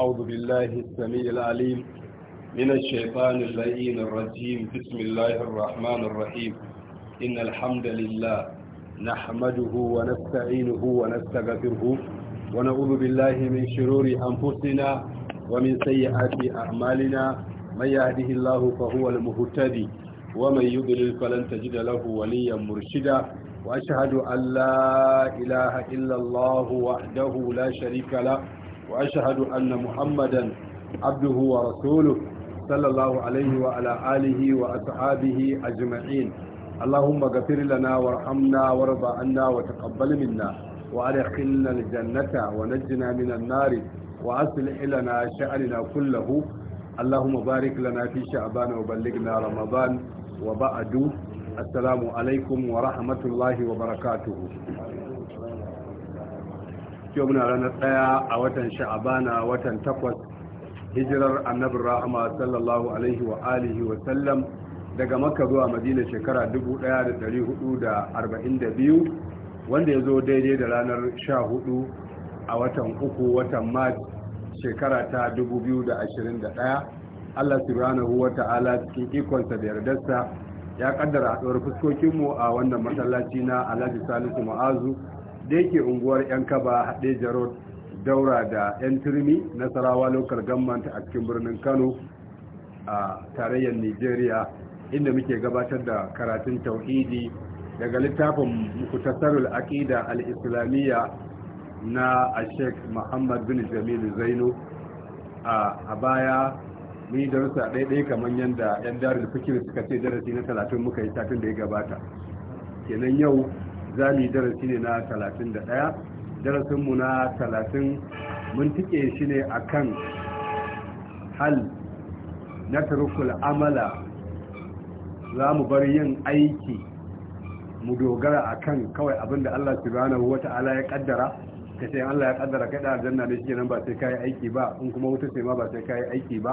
أعوذ بالله السميع العليم من الشيطان اللئيم الرجيم بسم الله الرحمن الرحيم إن الحمد لله نحمده ونستعينه ونستغفره ونعوذ بالله من شرور أنفسنا ومن سيئات أعمالنا من يهده الله فهو المهتدي ومن يضلل فلن تجد له وليا مرشدا وأشهد أن لا إله إلا الله وحده لا شريك له وأشهد أن محمدا عبده ورسوله صلى الله عليه وعلى آله وأصحابه أجمعين اللهم اغفر لنا وارحمنا وارض عنا وتقبل منا وأدخلنا الجنة ونجنا من النار وأصلح لنا شأننا كله اللهم بارك لنا في شعبان وبلغنا رمضان وبعد السلام عليكم ورحمة الله وبركاته yau muna ranar ɗaya a watan sha'abana watan takwas hijirar annabin rahama sallallahu alaihi wa alihi wa sallam daga makka zuwa madina shekara 1442 wanda ya zo daidai da ranar 14 a watan uku watan mars shekara ta 2021 allah subhanahu wa ta'ala cikin ikonsa da yardarsa ya kaddara haɗuwar fuskokinmu a wannan masallaci na alhaji salisu ma'azu da yake unguwar yan kaba haɗe jarot daura da yan turmi nasarawa lokar gammata a cikin birnin kano a tarayyar nigeria inda muke gabatar da karatun tauhidi daga littafin mukutasarul aqida al-islamiyya na ashek muhammad bin jamilu zainu a baya mun yi darussa ɗaiɗai kamar yadda 'yan darin fikir suka ce darasi na talatin muka yi satin da ya gabata kenan yau za darasi ne na 31 darasinmu na 30 mun tike shi ne akan hal na tarukul amala za mu bar yin aiki mu dogara akan kawai abinda Allah subhanahu ta'ala ya kaddara ka sai Allah ya kaddara kai da aljanna ne ba sai kayi aiki ba in kuma wuta sai ma ba sai kayi aiki ba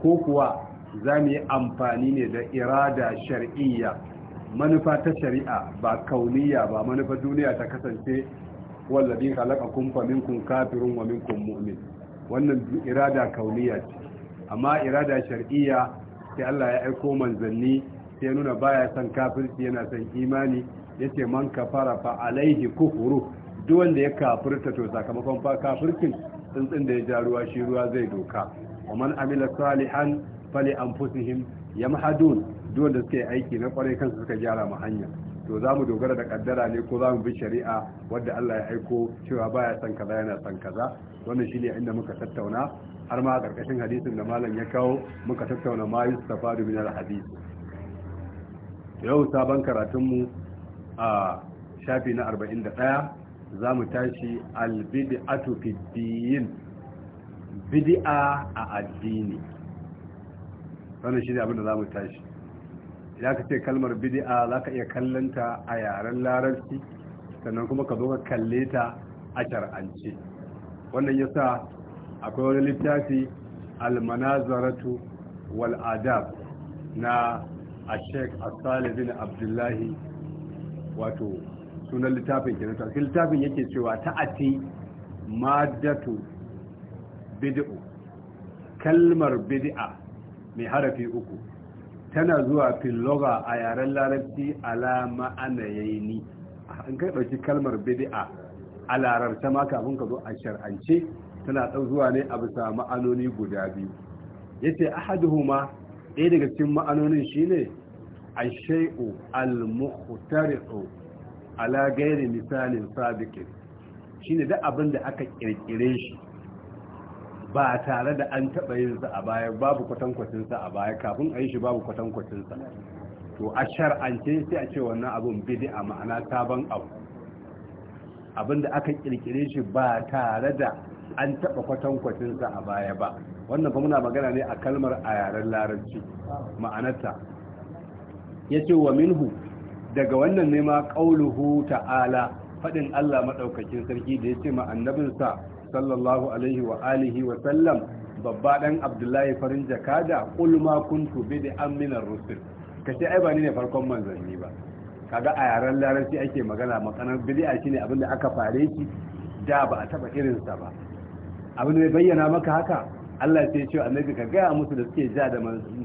ko kuwa za mu yi amfani ne da irada shar'iyya manufa ta shari'a ba kauniya ba manufa duniya ta kasance wallabi kun fa minkum kafirun wa minkum mu'min wannan irada kauniya ce amma irada shar'iyya sai Allah ya aiko manzanni sai ya nuna baya son kafirci yana son imani yace man kafara fa alaihi kufuru duk wanda ya kafirta to sakamakon fa kafircin tsuntsun da ya ja ruwa shi ruwa zai doka wa man amila salihan fali anfusihim yamhadun duk da suka aiki na kwarai kansu suka gyara mu hanya to za mu dogara da kaddara ne ko za mu bi shari'a wadda Allah ya aiko cewa baya son kaza yana son kaza wannan shine inda muka tattauna har ma karkashin hadisin da malam ya kawo muka tattauna ma yustafadu min al yau sabon karatunmu a shafi na 41 za mu tashi albid'atu fi din bid'a a addini wannan shine abin da za mu tashi za ka ce kalmar bidi'a za ka iya kallonta a yaren larabci sannan kuma ka zo ka kalle ta a shar'ance wannan ya sa akwai wani littafi almanazaratu wal adab na a sheik asali bin abdullahi wato sunan littafin kenan ta littafin yake cewa ta'ati madatu bid'u kalmar bid'a mai harafi uku tana zuwa filoga a yaren larabci ala ni an kai ɗauki kalmar bid'a a larabta ma kafin ka zo a shar'ance tana ɗan zuwa ne a bisa ma'anoni guda biyu Ya yace ma, ɗaya daga cikin ma'anonin A shai'u al-muhtariqu ala gairi misalin Shi ne da abin da aka ƙirƙire shi ba tare da an taɓa yin sa a baya babu kwatankwacin sa a baya kafin a yi shi babu kwatankwacin sa to a shar'ance sai a ce wannan abun bid'a ma'ana sabon abu abinda aka kirkire shi ba tare da an taɓa kwatankwacin sa a baya ba wannan fa muna magana ne a kalmar a yaren larabci ma'anarta yace wa minhu daga wannan ne ma qauluhu ta'ala fadin Allah madaukakin sarki da yace ma annabinsa sallallahu alaihi wa alihi wa sallam babba dan abdullahi farin jakada qul ma kuntu bid'an min ar-rusul kace ai ba ni ne farkon manzanni ba kaga a yaren larabci ake magana makanar bid'a shine abin da aka fare shi da ba a taba irin sa ba abin da bayyana maka haka Allah sai ce annabi ka gaya musu da suke ja da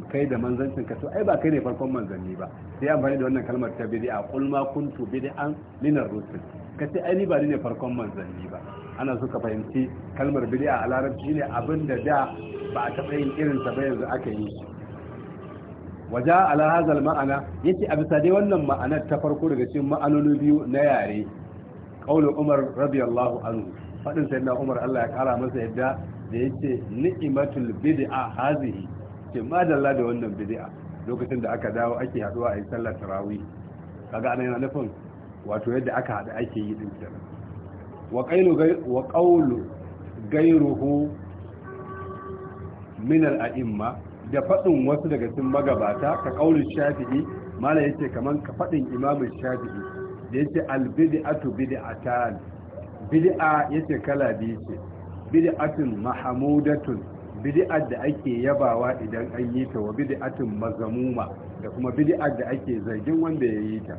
kai da manzancin ka to ai ba kai ne farkon manzanni ba sai amfani da wannan kalmar ta bid'a qul ma kuntu bid'an min ar-rusul ka ce ai ba ne farkon manzanni ba ana so ka fahimci kalmar bid'a a larabci ne abinda da ba a taɓa yin irin ta ba yanzu aka yi waje ala hazal ma'ana yace a bisa dai wannan ma'anar ta farko daga cikin ma'anoni biyu na yare qaulu umar radiyallahu anhu fadin sayyidina umar Allah ya kara masa yadda da yace ni'matul bid'a hazihi ce madalla da wannan bid'a lokacin da aka dawo ake haduwa a yi sallar tarawih kaga anan yana nufin wato yadda aka hada ake yi din kenan wa qailu wa qawlu gairuhu min al-a'imma da fadin wasu daga cikin magabata ka qaulu shafi'i mala yace kaman ka fadin imamu shafi'i da yace al-bid'atu bid'atan bid'a yace kala biyu bid'atun mahamudatun bid'at da ake yabawa idan an yi ta wa bid'atun mazamuma da kuma bid'at da ake zargin wanda ya yi ta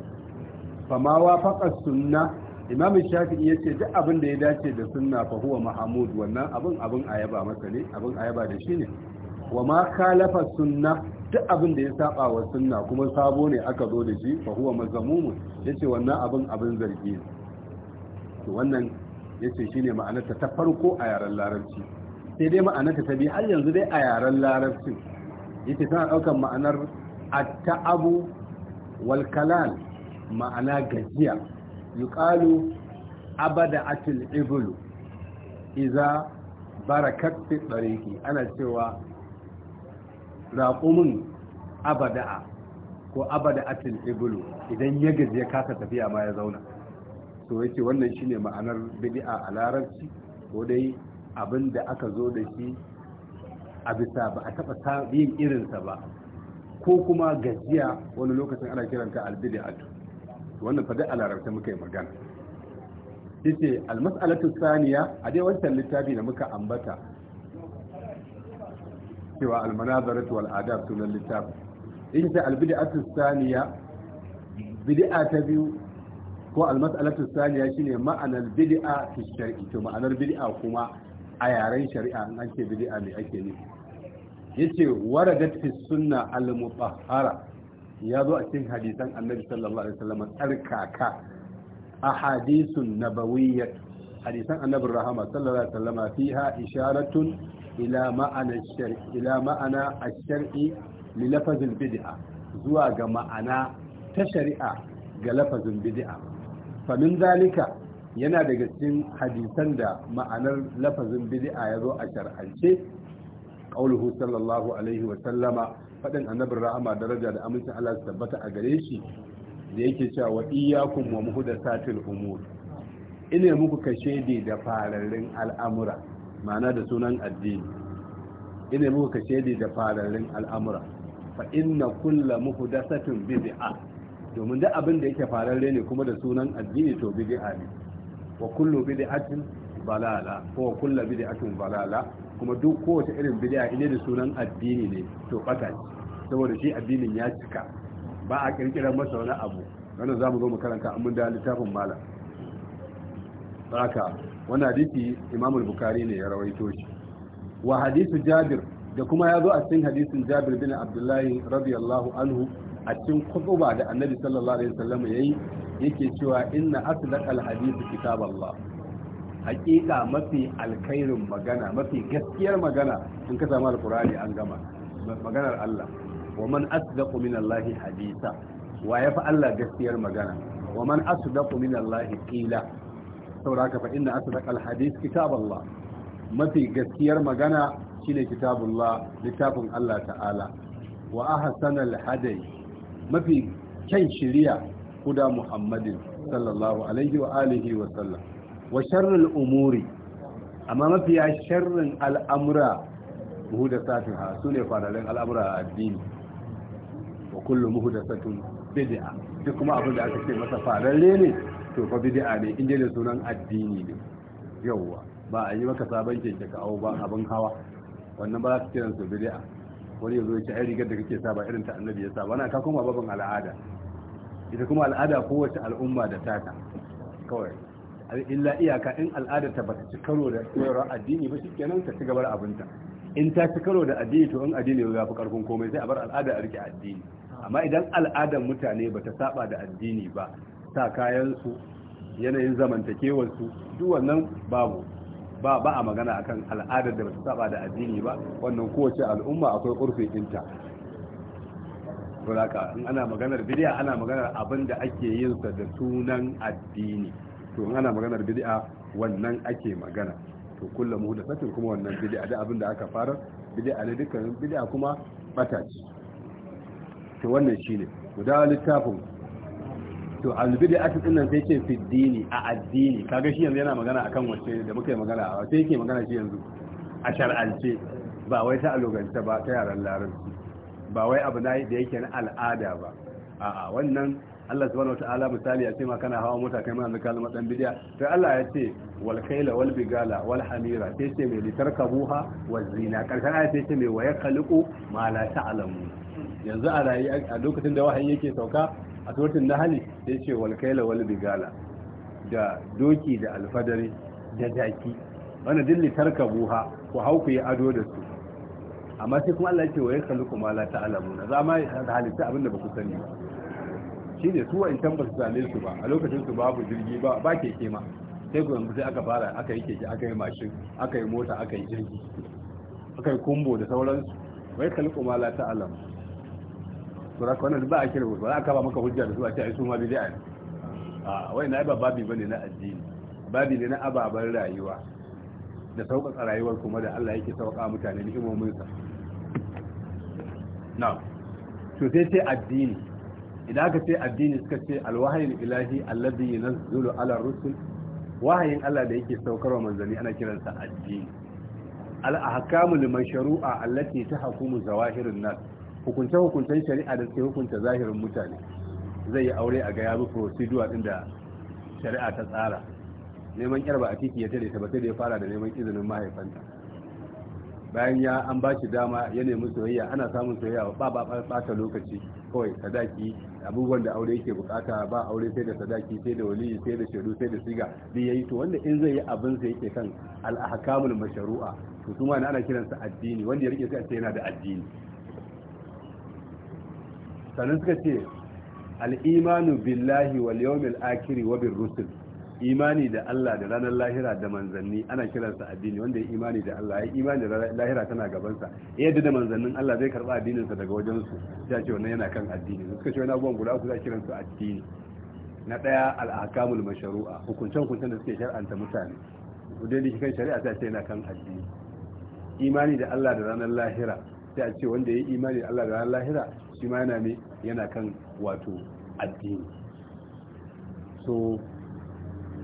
fama faqa sunna imam shafi'i yace duk abin da ya dace da sunna fa huwa mahamud wannan abin abin yaba masa ne abin a yaba da shi ne wa ma khalafa sunna duk abin da ya saba wa sunna kuma sabo ne aka zo da shi fa huwa mazamumun yace wannan abin abin zargi ne to wannan yace shine ma'anarta ta farko a yaren larabci sai dai ma'anarta ta biyu har yanzu dai a yaren larabci yace tana daukar ma'anar at-ta'abu wal kalal ma'ana gajiya yuqalu abada atil iblu iza barakat fi tariqi ana cewa raƙumin abada ko abada atil iblu idan ya gaji ya kasa tafiya ma ya zauna to yake wannan shine ma'anar bid'a a larabci ko dai abin da aka zo da shi a bisa ba a taɓa yin irinsa ba ko kuma gajiya wani lokacin ana kiranta To wannan fa dai a larabta muka yi magana yace almas'alatu thaniya a dai wancan littafi da muka ambata cewa almanazaratu wal adab sunan littafi yace albid'atu thaniya bid'a ta biyu ko almas'alatu saniya shine ma'anar bid'a fi shar'i to ma'anar bid'a kuma a yaren shari'a an ake bid'a me ake nufi yace waradat fi sunna al-mutahhara ya zo a cikin hadisan annabi sallallahu alaihi wasallam tsarkaka ahadithun nabawiyyah hadisan annabi rahama sallallahu alaihi wasallam fiha isharatun ila ma'ana shari ila ma'ana ash-shar'i li lafazil bid'a zuwa ga ma'ana ta shari'a ga lafazin bid'a famin zalika yana daga cikin hadisan da ma'anar lafazin bid'a ya zo a shar'ance qauluhu sallallahu alaihi wa sallama fadin annabin rahama daraja da amincin Allah su tabbata a gare shi da yake cewa wa iyyakum wa muhdathatil umur ina muku kashedi da fararin al'amura ma'ana da sunan addini ina muku kashedi da fararin al'amura fa inna kullu muhdathatin bid'ah domin duk abin da yake fararre ne kuma da sunan addini to bid'a ne wa kullu bid'atin balala ko wa kullu bid'atin balala kuma duk kowace irin bid'a ine da sunan addini ne to fata saboda shi addinin ya cika ba a kirkirar masa wani abu wannan zamu zo mu karanta an mun da littafin malam haka wannan hadisi Imam al-Bukhari ne ya rawaito shi wa hadisu Jabir da kuma ya zo a cikin hadisin Jabir bin Abdullahi radiyallahu anhu a cikin kutuba da annabi sallallahu alaihi wasallam yayi yake cewa inna asdaqal hadith kitaballah hakika mafi alkhairin magana mafi gaskiyar magana in ka samu alqur'ani an gama maganar Allah wa man asdaqu min Allah haditha wa ya fa Allah gaskiyar magana wa man asdaqu min Allah qila sauraka fa inna asdaqal hadith kitaballah mafi gaskiyar magana shine kitabullah littafin Allah ta'ala wa ahsanal hadayi mafi kyan shiriya kuda muhammadin sallallahu alaihi wa alihi wa sallam wa sharrul umuri amma mafi ya sharrin al'amura su ne fararen al'amura a addini wa kullum da muhdathatun bidi'a duk kuma abin da aka ce masa fararre ne to fa bidi'a ne inda da sunan addini ne yauwa ba a yi maka sabon keke ka ba abin hawa wannan ba za su kiransu bidi'a wani yanzu ya ce ai rigar da kake sa ba irin ta annabi ya sa ba na ka koma babban al'ada ita kuma al'ada kowace al'umma da taka kawai illa iyaka in al'ada ta bata ci karo da koyarwar addini ba shi kenan ta ci da abinta in ta ci karo da addini to in addini ya fi karfin komai sai a bar al'ada a rike addini amma idan al'adar mutane bata saba da addini ba sa kayan su yanayin su duk wannan babu ba ba a magana akan al'adar da bata saba da addini ba wannan kowace al'umma akwai kurfin inta. to haka in ana maganar bid'a ana maganar abin da ake yin sa da sunan addini to in ana maganar bid'a wannan ake magana to kullum muhdathatin kuma wannan bid'a da abin da aka fara bid'a ne dukkan bid'a kuma bata ce to wannan shine guda littafin to albid'atu din nan sai ce fiddini a addini kaga shi yanzu yana magana akan wacce da muka yi magana a Sai yake magana shi yanzu a shar'ance ba wai ta alogance ba ta yaran larabci ba wai abu na da yake na al'ada ba a'a wannan Allah subhanahu wataala misali ya ce ma kana hawa mota kai mana kalma dan bidiya To Allah ya ce wal khayla wal bigala wal hamira sai ce mai litarkabuha waz zina karshen aya sai ce mai waya khaliqu ma la ta'lamu yanzu a rayi a lokacin da wahayi yake sauka a sautin na hali sai ce walkaila wal bigala da doki da alfadari da daki wanda dilli tarka buha ku hau ku yi ado da su amma sai kuma Allah ce wa ya kalli kuma la ta'alamu na zama da halitta abin da ba ku sani ba shine su wa'ancan ba su same su ba a lokacin su babu jirgi ba ba keke ma sai ku yanzu sai aka fara aka yi keke aka yi mashin aka yi mota aka yi jirgi aka yi kumbo da sauransu wai kalli kuma la ta'alamu to raka wannan ba a kira ba za ka ba maka hujja da su a ce ai su ma bid'a ne a wai na ba babi bane na addini babi ne na ababar rayuwa da sauƙaƙa rayuwar kuma da Allah yake sauƙa mutane ni'imomin sa na'am to sai sai addini idan aka ce addini suka ce alwahayin ilahi alladhi yanzulu ala rusul wahayin Allah da yake wa manzanni ana kiransa addini al-ahkamu liman sharu'a allati tahkumu zawahirun nas hukunce-hukuncen shari'a da suke hukunta zahirin mutane zai yi aure a gaya ya bi procedure din da shari'a ta tsara neman yar ba a titi ya tare ta ba sai da ya fara da neman izinin mahaifanta bayan ya an ba shi dama ya nemi soyayya ana samun soyayya ba ba bata lokaci kawai sadaki abubuwan da aure yake bukata ba aure sai da sadaki sai da waliyi sai da shaidu sai da siga ya yayi to wanda in zai yi abin sa yake kan al-ahkamul mashru'a to kuma ana kiransa addini wanda ya rike sai a ce yana da addini sannan suka ce al'imanu billahi wal yawmil akiri wa bin rusul imani da Allah da ranar lahira da manzanni ana kiransa addini wanda ya imani da Allah ya imani da lahira tana gabansa yadda da manzannin Allah zai karɓa addininsa daga wajensu ya ce wannan yana kan addini suka ce wani abubuwan guda uku za a kiransu addini na ɗaya al'akamul masharu'a hukuncen hukuncen da suke shar'anta mutane kudin da kan shari'a ta ce yana kan addini imani da Allah da ranar lahira ya ce wanda ya imani da Allah da ranar lahira shi ma yana ne yana kan wato addini so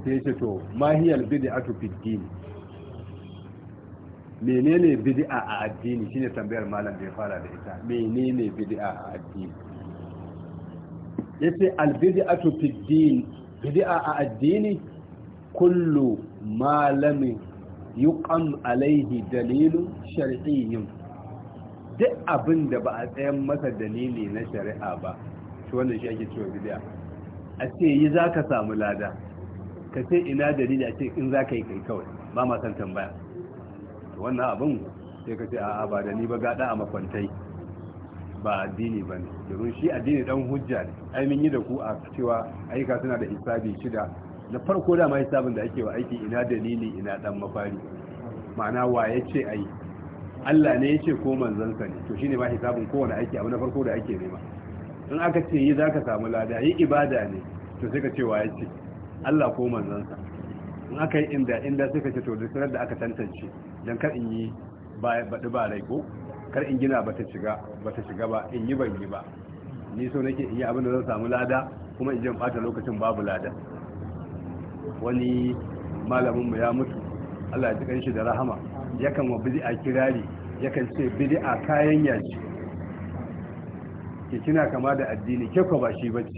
sai ce to mahiyar bid'atu fi dini menene bid'a a addini shine tambayar malam da ya fara da ita menene bid'a a addini yace al bid'atu fi dini, bid'a a addini kullu ma lam yuqam alaihi dalilin shar'iyyin duk abin da ba a tsayan masa dalili na shari'a ba shi wannan shi ake cewa bid'a a ce yi za ka samu lada ka ce ina dalili a ce in za ka yi kai kawai ba ma san tambaya wannan abin sai ka ce a'a ba da ni ba gada a makwantai ba addini ba ne domin shi addini dan hujja ne ai mun yi da ku a cewa aika suna da hisabi shida na farko da ma hisabin da ake wa aiki ina dalili ina dan mafari ma'ana wa ya ce ai Allah ne ya ce ko manzansa ne to shi ne ba hisabin kowane aiki abu na farko da ake nema in aka ce yi za ka samu lada yi ibada ne to sai ka ce wa ce Allah ko manzansa in aka yi inda inda sai ka ce to duk da aka tantance dan kar in yi ba baɗi ba rai ko kar in gina ta shiga ta shiga ba in yi ban yi ba ni so nake in yi abin da zan samu lada kuma in je in lokacin babu lada wani malaminmu ya mutu Allah ya ji shi da rahama yakan wa a kirari yakan ce a kayan yaji ke kina kama da addini ke ba shi bace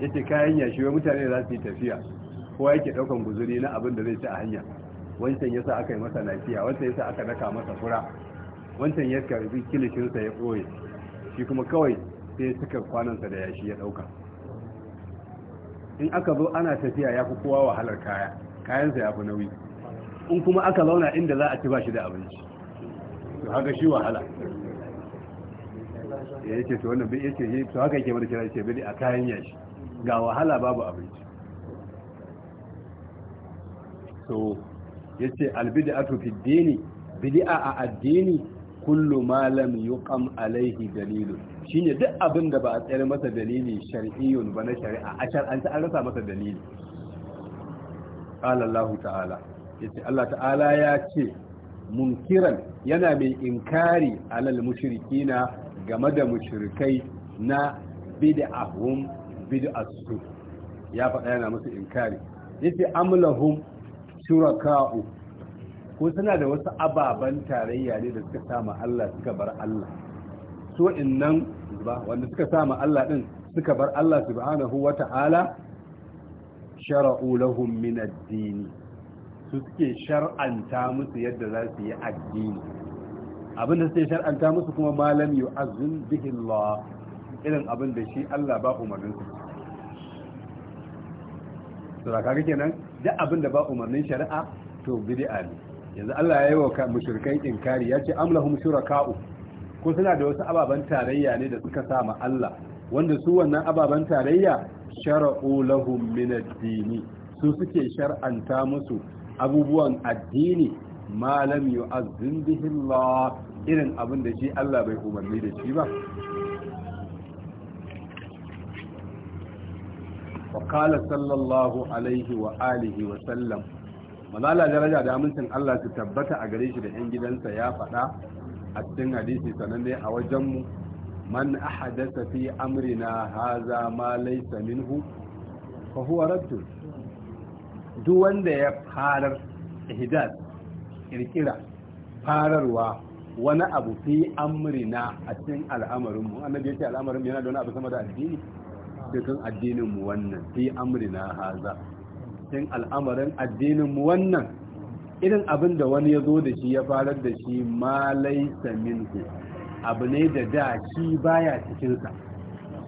yace kayan yashi wai mutane da za su yi tafiya ko yake daukan guzuri na abin da zai ci a hanya wancan yasa aka yi masa lafiya wancan yasa aka daka masa fura wancan ya karbi kilishinsa ya ɓoye shi kuma kawai sai suka kwanansa da yashi ya ɗauka in aka zo ana tafiya ya fi kowa wahalar kaya kayansa ya fi nauyi in kuma aka zauna inda za a ci ba shi da abinci to haka shi wahala ya yake to wannan bai yake yi eh, to haka yake bada kira yake bai a kayan yashi ga wahala babu abinci so yace albid'atu fi dini bid'a a addini kullu ma lam yuqam alayhi dalil shine duk abin da ba a tsare masa dalili shar'iyyun ba na shari'a a shar'anta an rasa masa dalili qala Allah ta'ala yace Allah ta'ala ya ce munkiran yana mai inkari alal mushrikina game da mushrikai na bid'ahum bid'asu ya faɗa yana musu inkari yace amlahum shuraka'u ko suna da wasu ababen tarayya ne da suka sama Allah suka bar Allah so innan ba wanda suka sama Allah din suka bar Allah subhanahu wata'ala shara'u lahum min ad-dini su suke shar'anta musu yadda za su yi addini abinda suke shar'anta musu kuma malam yi azun bihin irin abin da shi Allah ba umarnin su su raka kake nan abin da ba umarnin shari'a to bid'a ne yanzu Allah ya yi wa mushrikai inkari ya ce amlahum shuraka'u ko suna da wasu ababen tarayya ne da suka sama Allah wanda su wannan ababen tarayya shara'u lahum min ad-dini su suke shar'anta musu abubuwan addini ma lam yu'azzin bihi Allah irin abin da shi Allah bai umarni da shi ba wa sallallahu alaihi wa alihi wa sallam malala daraja da amincin Allah su tabbata a gare shi da yan gidansa ya faɗa a cikin hadisi sananne a wajen mu man ahadasa fi amrina haza ma laysa minhu fa huwa raddun duk wanda ya farar ihdad kirkira fararwa wani abu fi amrina a cikin al'amarinmu annabi ce al'amarin yana da wani abu sama da addini cikin addinin mu wannan fi amrina haza cikin al'amarin addinin mu wannan irin abin da wani ya zo da shi ya farar da shi ma laisa minku abu ne da da shi baya cikin sa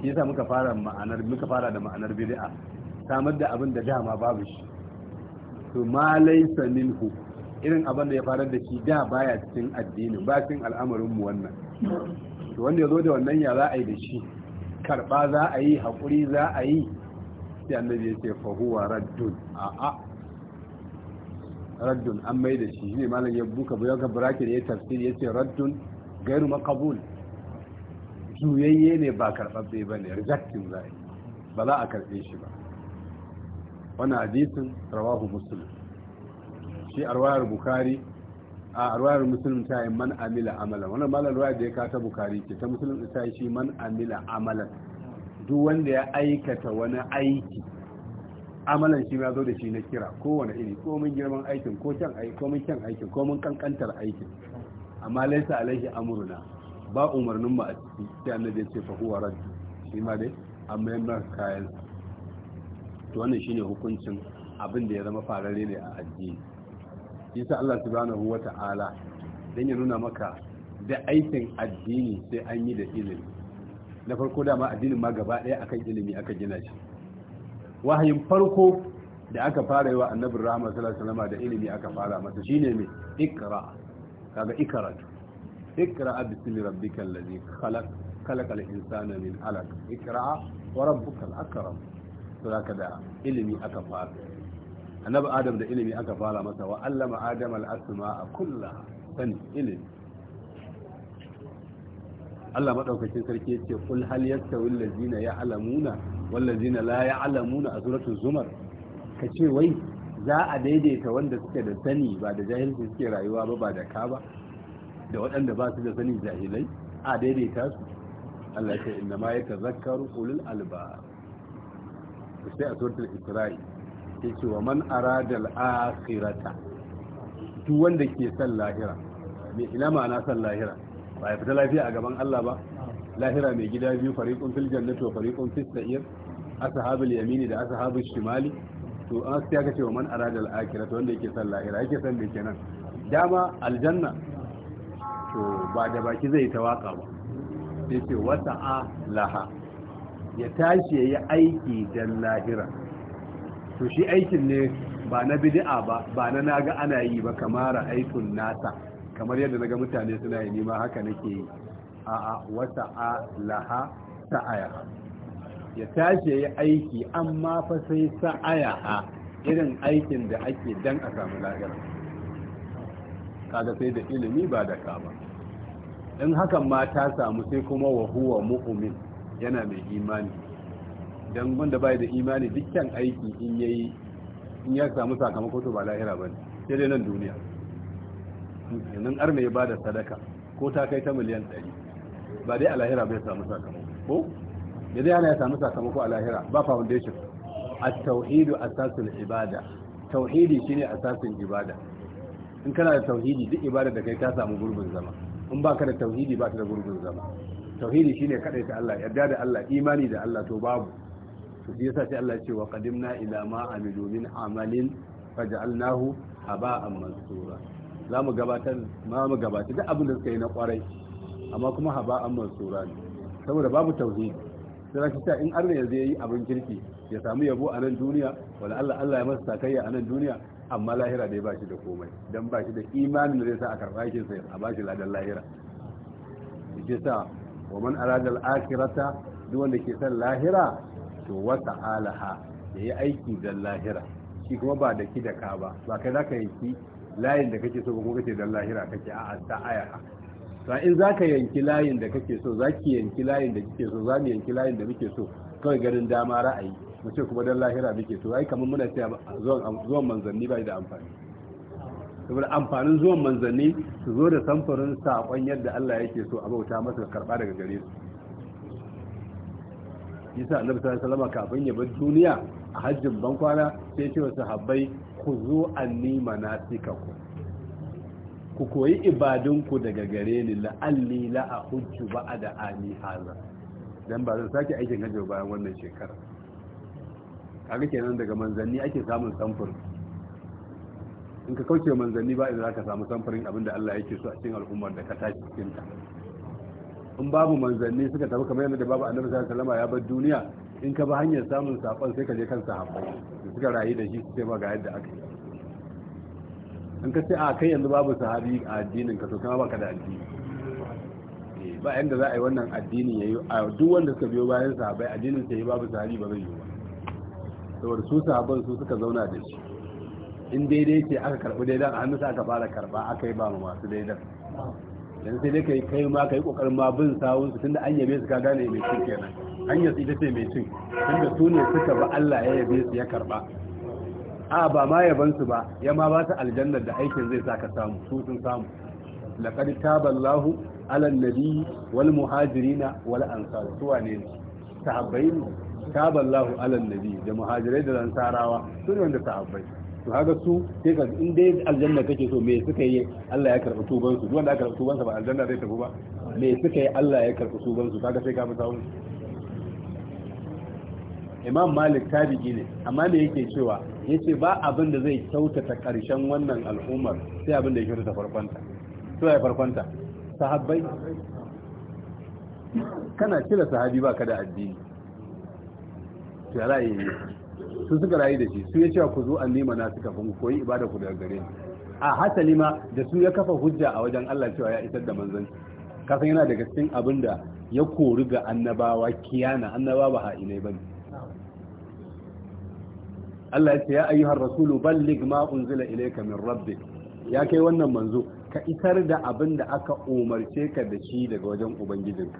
shi yasa muka fara ma'anar muka fara da ma'anar bid'a samar da abin da dama babu shi to ma laisa minhu irin abin da ya fara da shi da baya cikin addinin ba cikin al'amarin mu wannan to wanda ya zo da wannan ya za a yi da shi karba za a yi hakuri za a yi sai annabi ya ce huwa raddun a a raddun an mai da shi ne malam ya buka bu ga bracket ya tafsir ya ce raddun gairu maqbul juyayye ne ba karbabbe ba ne rejecting za a yi ba za a karbe shi ba wani hadisin rawahu muslim shi arwayar bukari a arwayar muslim ta yi man amila amala wani malar ruwa da ya kata bukari ce ta muslim ta yi shi man amila amalan duk wanda ya aikata wani aiki amalan shi ya zo da shi na kira kowane iri komin girman aikin ko kyan aikin komin kyan aikin komin kankantar aikin amma laisa alaihi amruna ba umarnin mu a ciki sai annabi ya ce fa huwa radd shi ma dai amma yana kayan sa to shi ne hukuncin abin da ya zama farare ne a addini isa Allah subhanahu ta'ala dan ya nuna maka da aikin addini sai an yi da ilimi na farko dama addinin ma gaba ɗaya akan ilimi aka gina shi wahayin farko da aka fara yi wa annabin rahama salama da ilimi aka fara masa shine mai ikra kaga ikra ikra bismi rabbikal ladhi insana min alaq ikra wa rabbukal akram saboda da ilimi aka fara annabi adam da ilimi aka fara masa wa allama adam al a kulla sani ilimi Allah madaukakin sarki yace kul hal yastawi allazina ya'lamuna wal ladzina la ya'lamuna a suratul zumar kace wai za a daidaita wanda suke da sani ba da jahilci suke rayuwa ba ba da ka ba da waɗanda ba su da sani jahilai a daidaita su Allah ya ce inna ma yatazakkaru ulul albab sai a suratul isra'i ya ce wa man aradal akhirata duk wanda ke san lahira mai ina ma'ana san lahira ba ya fita lafiya a gaban Allah ba lahira mai gida biyu fariqun fil jannati wa fariqun fis sa'ir ashabul yamini da ashabul shimali to an sai ya ce wa man aradal akhirata wanda yake san lahira yake san me kenan dama aljanna to ba da baki zai ta waka ba sai ce a laha ya tashi ya yi aiki don lahira to shi aikin ne ba na bid'a ba ba na naga ana yi ba kamar aikin nasa kamar yadda naga mutane suna yi nima haka nake yi a a wata a laha ayaha. ya tashi ya yi aiki amma fa sai sa'aya a irin aikin da ake dan a samu lahira kaga sai da ilimi ba da kama in hakan ma ta samu sai kuma wa huwa mu'min yana mai imani don wanda bai da imani dukkan aiki in yi in ya samu sakamako to ba lahira bane sai dai nan duniya nan arme ya bada sadaka ko ta kai ta miliyan ɗari ba dai a lahira bai samu sakamako ko da dai ana ya samu sakamako a lahira ba foundation at-tauhidu sassun ibada tauhidi shine sassun ibada in kana da tauhidi duk ibada da kai ta samu gurbin zama in ba ka da tauhidi ba ta da gurbin zama tauhidi shine kadai ta Allah yarda da Allah imani da Allah to babu to shi yasa sai Allah ya ce wa qadimna ila ma amilu min amalin faj'alnahu haba'an mansura zamu gabatar ma mu gabatar da abin da suka yi na kwarai amma kuma haba'an mansura ne saboda babu tauhidi sai shi ta in arna yanzu yayi abin kirki ya samu yabo a nan duniya wala Allah Allah ya masa takayya a nan duniya amma lahira dai ba shi da komai dan ba shi da imanin da zai sa a karɓa shi sai a ba shi ladan lahira yake sa wa man aradal akhirata duk wanda ke san lahira to wata alaha ya aiki dan lahira shi kuma ba da ki da ka ba ba kai za yanki layin da kake so ba kuma kake dan lahira kake a'a ta aya to in zaka yanki layin da kake so za yanki layin da kike so za mu yanki layin da muke so kawai ganin dama ra'ayi mu ce kuma dan lahira muke so ai kamar muna cewa zuwan manzanni bai da amfani saboda amfanin zuwan manzanni su zo da samfurin saƙon yadda Allah yake so a bauta masa karɓa daga gare su isa annabi sallallahu alaihi wasallam kafin ya bar duniya a hajjin kwana sai ce wa sahabbai ku zo anni manasikakum ku ku koyi ibadunku daga gare ni la'alli la a hujju ba da ani haza dan ba zan sake aikin hajji bayan wannan shekara kaga kenan daga manzanni ake samun samfurin in ka kauce manzanni ba idan zaka samu samfurin abin da Allah yake so a cikin al'ummar da ka tashi cikin ta in babu manzanni suka tafi kamar yadda babu annabi sallallahu alaihi wasallam ya bar duniya in ka ba hanyar samun sakon sai ka je kan sahabbai da suka rayu da shi sai ba ga yadda aka yi in ka ce a kai yanzu babu sahabi a addinin ka to ba baka da addini eh, ba yanda za a yi wannan addinin yayi a duk wanda suka biyo bayan sahabai addinin sai babu sahabi ba zai yi ba saboda su sahabban su suka zauna da shi in daidai ce aka karɓi daidan a hannu sa aka fara karɓa aka yi ba ma masu daidan yanzu sai dai kai kai ma kai kokarin ma bin sawun su tunda an yabe su ka gane mai cin kenan hanyar su ita ce mai cin tunda su ne suka ba Allah ya yabe su ya karɓa a ba ma yaban su ba ya ma ba su aljannar da aikin zai sa ka samu su sun samu laqad taballahu ala nabi wal muhajirina wal ansar su wane ne sahabbai taballahu ala nabi da muhajirai da ansarawa su ne wanda sahabbai to haka su sai ka in dai aljanna kake so me suka yi Allah ya karɓi tuban su wanda aka karɓi tuban sa ba aljanna zai tafi ba me suka yi Allah ya karɓi tuban su kaga sai ka fi sawun Imam Malik tabi'i ne amma me yake cewa yace ba abin da zai kyautata karshen wannan al'ummar sai abin da ya kyautata farkonta to ya farkonta sahabbai kana cire sahabi ka da addini to ya ra'ayi su suka rayu da shi su ya cewa ku zo an nema na suka fi koyi ibada ku daga gare ni a hasali ma da su ya kafa hujja a wajen Allah cewa ya isar da Ka kasan yana daga cikin abin da ya kori ga annabawa kiyana annaba ba ha'inai bane Allah ya ce ya ayyuhar rasulu balligh ma unzila ilayka min rabbik ya kai wannan manzo ka isar da abin da aka umarce ka da shi daga wajen ubangijinka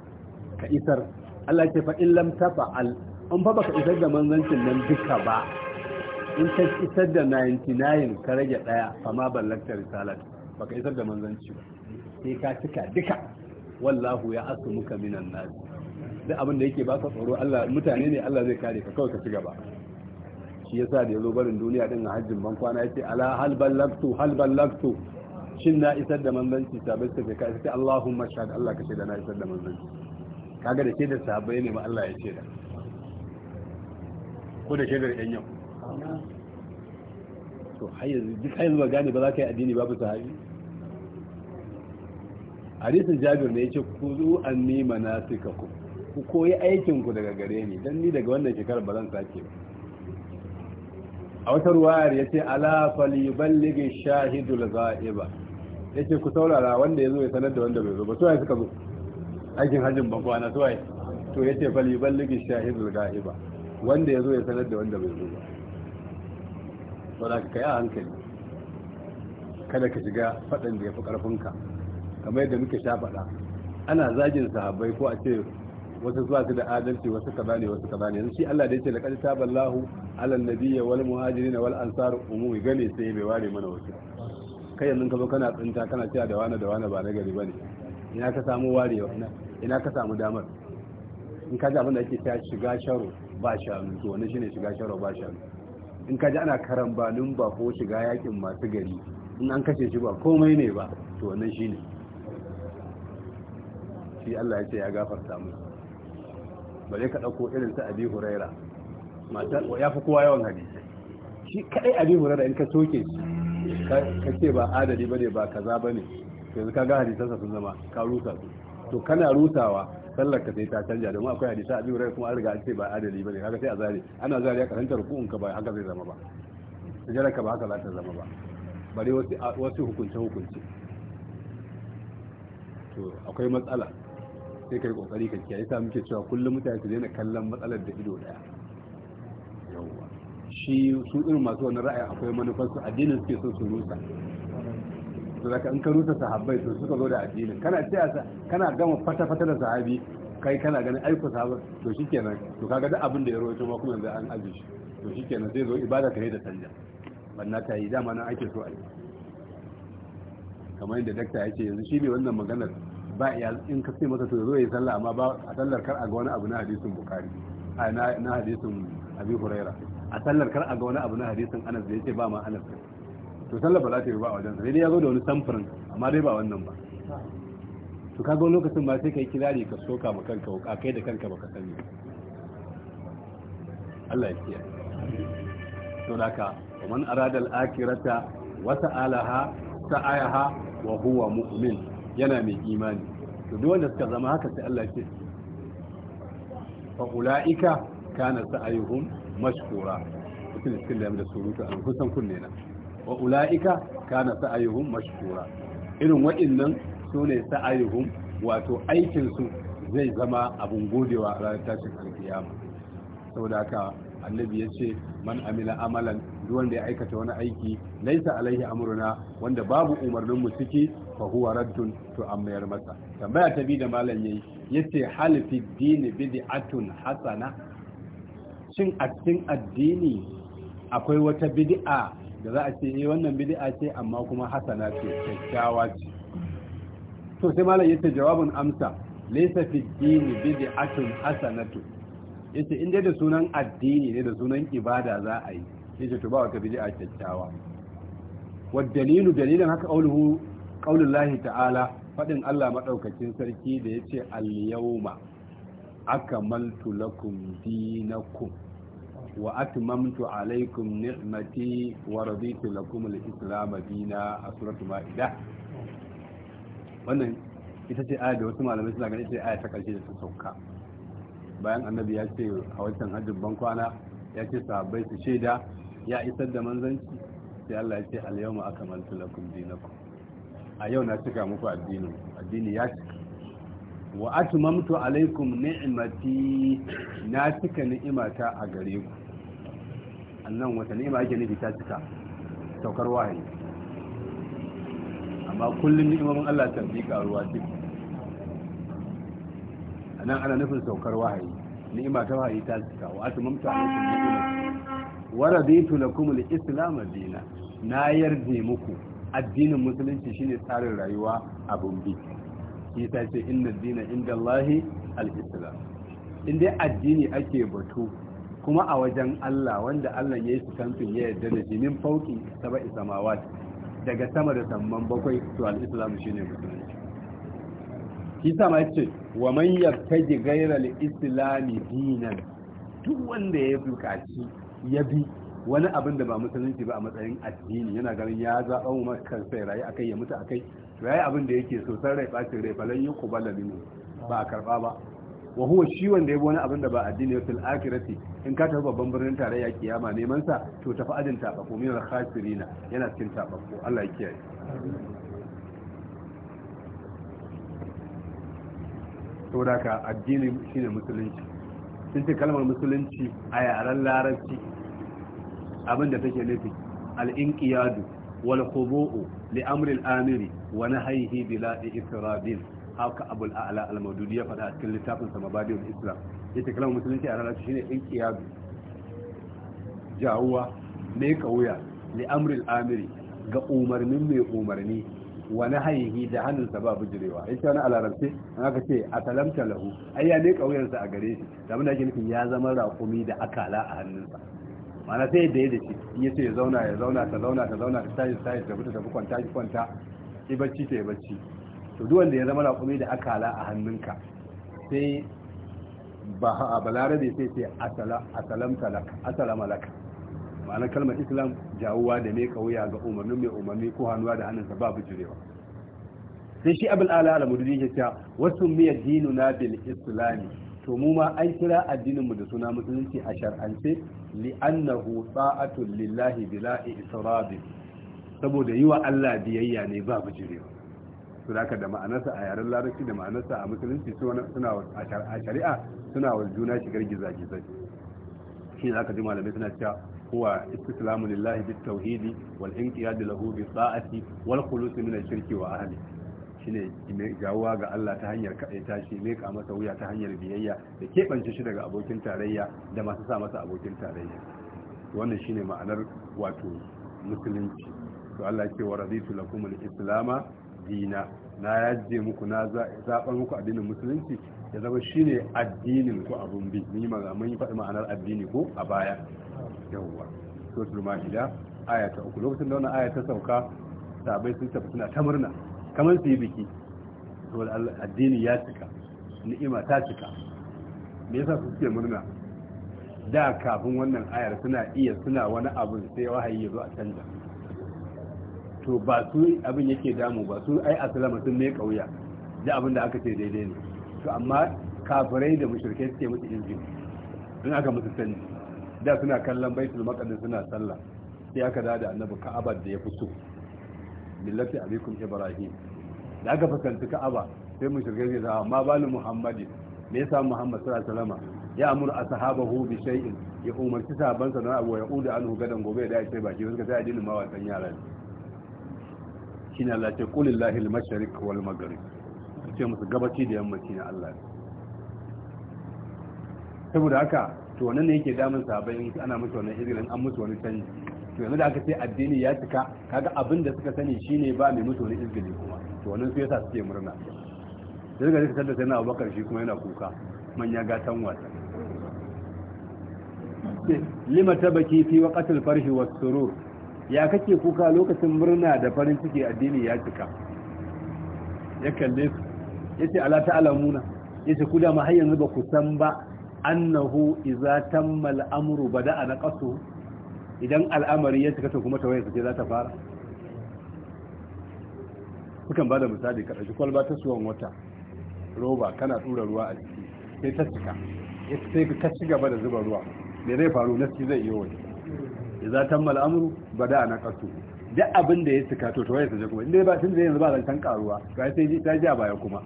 ka isar Allah ya ce fa in lam tafa'al an fa baka isar da manzancin nan duka ba in ka isar da 99 ka rage daya fama ballakta risalat baka isar da manzanci ba sai ka cika duka wallahu ya asu muka minan nas duk abin da yake baka tsoro Allah mutane ne Allah zai kare ka kawai ka ci gaba shi yasa da yazo barin duniya din a hajjin ban kwana yace ala hal ballaktu hal ballaktu shin na isar da manzanci sabai sai ka sai Allahumma shahad Allah ka ce da na isar da manzanci kaga da ke da sabai ne ma Allah ya ce da ko da shaidar yan yau to har duk har yanzu ba gane ba za ka yi addini babu sahabi hadisin jabir ne an kuzu anni manasikakum ku koyi aikin ku daga gare ni dan ni daga wannan shekarar ba zan sake ba a wata ruwayar ce ala falyuballighi ba. Ya ce ku saurara wanda ya zo ya sanar da wanda bai zo ba to ai suka zo aikin hajjin ya kwana to ya ai to yace falyuballighi shahidul ghaiba wanda ya zo ya sanar da wanda bai zo ba wadda ka yi a hankali kada ka shiga fadan da ya fi ƙarfinka kamar yadda muke sha faɗa ana zagin sahabbai ko a ce wasu zuwa su da adalci wasu kaza ne wasu kaza ne yanzu shi Allah da yake laqad taballahu ala nabiyyi wal muhajirin wal ansar umumi gane sai bai ware mana wasu kai yanzu ka zo kana tsinta kana cewa da wani da wani ba na gari bane ina ka samu warewa ina ka samu damar in ka ji abin da ake ta shiga sharo ba shanu to wannan shine shiga sharo ba shanu in ka ji ana karan ba ko shiga yakin masu gari in an kashe shi ba komai ne ba to wannan shine shi Allah ya ce ya gafarta musu bare ka dauko irin ta Abi Huraira mata ya fi kowa yawan hadisi shi kadai Abi Huraira in ka soke shi ka ce ba adali bane ba kaza bane yanzu ka ga hadisansa sun zama ka rusa su to kana rusawa sallar ka sai ta canja domin akwai hadisa a biyu kuma an riga an ce ba adali bane haka sai a zare ana zare ka hanta rukun ka ba haka zai zama ba sujjarar ka ba haka za ta zama ba bare wasu wasu hukunce hukunce to akwai matsala sai kai kokari ka kiyaye sa muke cewa kullum mutane su daina kallon matsalar da ido daya yawwa shi su irin masu wani ra'ayi akwai manufarsu addinin suke so su rusa to zaka in ka rusa sahabbai to suka zo da addinin kana ce kana gama fata fata da sahabi kai kana ganin aiko sahabi to shikenan to kaga duk abin da ya rawaito ma kuma yanzu an aje shi to shikenan zai zo ibada ka yi da sanja banna ta yi dama nan ake so a yi kamar yadda dakta ya ce yanzu shi ne wannan maganar ba ya in ka ce masa to zo yi sallah amma ba a sallar kar a ga wani abu na hadisin bukari na hadisin abi huraira a sallar kar a ga wani abu na hadisin anas da yace ba ma anas to sallah ba za ta yi ba a wajen sai dai ya zo da wani samfurin amma dai ba wannan ba to kaga wani lokacin ba sai kai kirari ka soka ma kanka wuka kai da kanka baka sani Allah ya kiya to wa man arada al-akhirata wa sa'alaha sa'ayaha wa huwa mu'min yana mai imani to duk wanda suka zama haka sai Allah ya ce fa ulaika kana sa'ayuhum mashkura mutum cikin da ya da surutu a kusan kunne na wa ula'ika kana sa'ayuhum mashkura irin su ne sa'ayuhum wato aikin su zai zama abun godewa a ranar tashin alkiyama saboda haka annabi ya ce man amila amalan duk wanda ya aikata wani aiki laisa alaihi amruna wanda babu umarnin mu ciki fa huwa raddun to an mayar masa tambaya ta bi da malam yayi yace hal fi din bid'atun hasana shin a cikin addini akwai wata bid'a da za a ce yi eh, wannan bid'a ce amma kuma hasana ce kyakkyawa ce to sai malam yace jawabin amsa laysa fi dini bid'atun hasanatu yace in dai da sunan addini ne da sunan ibada za a yi yace to ba wata bid'a kyakkyawa wa dalilu dalilan haka qauluhu qaulullahi ta'ala fadin Allah madaukakin sarki da yace al-yawma akamaltu lakum dinakum wa atmamtu alaikum ni'mati wa raditu lakum al-islam dina a suratul maida wannan ita ce aya da wasu malamai suna ganin ita ce aya ta karshe da ta sauka bayan annabi ya ce a wancan hajjin bankwana, ya ce sahabbai su shaida ya isar da manzanci sai Allah ya ce al-yawma akmaltu lakum dinakum a yau na cika muku addini addini ya cika wa atmamtu alaikum ni'mati na cika ni'imata a gare ku annan wata ni'ima ake nufi ta cika saukar wahayi amma kullum ni'imomin Allah ta bi karuwa ce anan ana nufin saukar wahayi ni'ima ta wahayi ta cika wa atmamta alaikum ni'imati wa raditu lakum al-islam dinan na yarda muku addinin musulunci shine tsarin rayuwa abun bi shi ta ce inna dina inda Allahi al-islam in dai addini ake batu kuma a wajen Allah wanda Allah ya yi su kamfin ya yarda da jinin fauki saba isamawa daga sama da samman bakwai to al-islam ne musulunci kisa ma ce wa man ta ji al-islam dinan duk wanda ya bukaci ya bi wani abin da ba musulunci ba a matsayin addini yana ganin ya zaɓa mu makar sai rayu akai ya mutu akai rayu abin da yake so san rai ɓacin rai falon yi kubala ba a karɓa ba wa huwa shi wanda yabo wani abin da ba addini wa fil akhirati in ka tafi babban birnin tarayya kiyama neman sa to tafi ajin tabako min al khasirina yana cikin tabako Allah ya kiyaye da ka addini shine musulunci sun ce kalmar musulunci a yaren larabci abin take nufi al-inqiyadu wal khubu'u li amri al-amiri wa nahyihi bila israbil haka abu al'ala al ya faɗa a cikin littafin sa mabadiul islam Ya ce kalmar musulunci a ranar shine inqiyadu jawuwa ne kauya ne amril amiri ga umarnin mai umarni wa nahyihi da hannun sa ba bujurewa ce wani alarabce an aka ce talamta lahu ayya ne kauyansa a gare shi da mun ake nufin ya zama raƙumi da akala a hannunsa mana sai da ya da shi ya ce ya zauna ya zauna ta zauna ta zauna ta tashi tashi ta fita ta kwanta ki kwanta ki bacci ta ya bacci to duk wanda ya zama raƙumi da akala a hannunka sai ba a balarabe sai sai asalama laka ma'anar kalmar islam jawuwa da mai kawuya ga umarnin mai umarni ko hannuwa da hannunsa ba bujurewa sai shi abin ala ala mudu ya cewa wasu miyar dinu na bil islami to mu ma an kira addinin mu da suna musulunci a shar'ance li'annahu ta'atu lillahi bila israbi saboda yiwa Allah biyayya ne ba bujurewa su da da ma'anarsa a yaren larabci da ma'anarsa a musulunci suna a shari'a suna wa juna shigar gizagizai shi za ka ji malamai suna cewa huwa istislamu lillahi bi tauhidi wal inqiyad lahu bi sa'ati wal khulus min shirki wa ahli shine jawuwa ga Allah ta hanyar kaɗaita shi mai ka masa wuya ta hanyar biyayya da keɓance shi daga abokin tarayya da masu sa masa abokin tarayya wannan shine ma'anar wato musulunci to Allah ya ce wa raditu lakum islama addina na yaje muku na zaɓar muku addinin musulunci ya zama shine addinin ko abun bi mun yi mun yi faɗi ma'anar addini ko a baya yawwa suratul ma'ida aya ta uku lokacin da wannan aya sauka sabai sun tafi suna ta murna kamar su yi biki saboda addini ya cika ni'ima ta cika me yasa su suke murna da kafin wannan ayar suna iya suna wani abu sai wahayi ya zo a canja to ba su abin yake damu ba su ai asalama sun mai kauya da abin da aka ce daidai ne to amma kafirai da mushrikai suke mutu izini in aka musu sani da suna kallon baitul maqdis suna sallah sai aka da annabi ka'aba da ya fito millati alaikum ibrahim da aka fakanci ka'aba sai mushrikai ne da amma bani muhammadi me yasa muhammad sallallahu alaihi wasallam ya amuru ashabahu bi shay'in ya umarci sahabansa na abu ya anhu gadan gobe da ya ce baki ka sai addinin ma wasan yaran yammaci ne Allah ce kulin lahil masharik wal magari a ce musu gabaci da yammaci na Allah saboda haka to wannan ne yake damun sabai in ana musu wannan hijirin an musu wani canji to yanzu da aka ce addini ya cika kaga abin da suka sani shine ba mai musu wani izgili kuma to wannan su yasa suke murna sai ga suka sai na Abubakar shi kuma yana kuka manya gatan wata lima tabaki fi waqatil farhi was surur ya kake kuka lokacin murna da farin ciki addini ya cika ya kalle su ce ala ta'lamuna ya ce da ma hanyar ba ku san ba annahu iza tammal amru bada bada'a naqasu idan al'amari ya cika to kuma tawaye ce za ta fara kukan ba da misali kada shi kwalba ta suwan wata roba kana tura ruwa a ciki sai ta cika sai ka ci gaba da zuba ruwa me zai faru na ciki zai iya wani idza tammal amru bada na kasu duk abin da ya cika to to waye sai kuma inda ba tun da yanzu ba zan san karuwa sai sai ta ji a baya kuma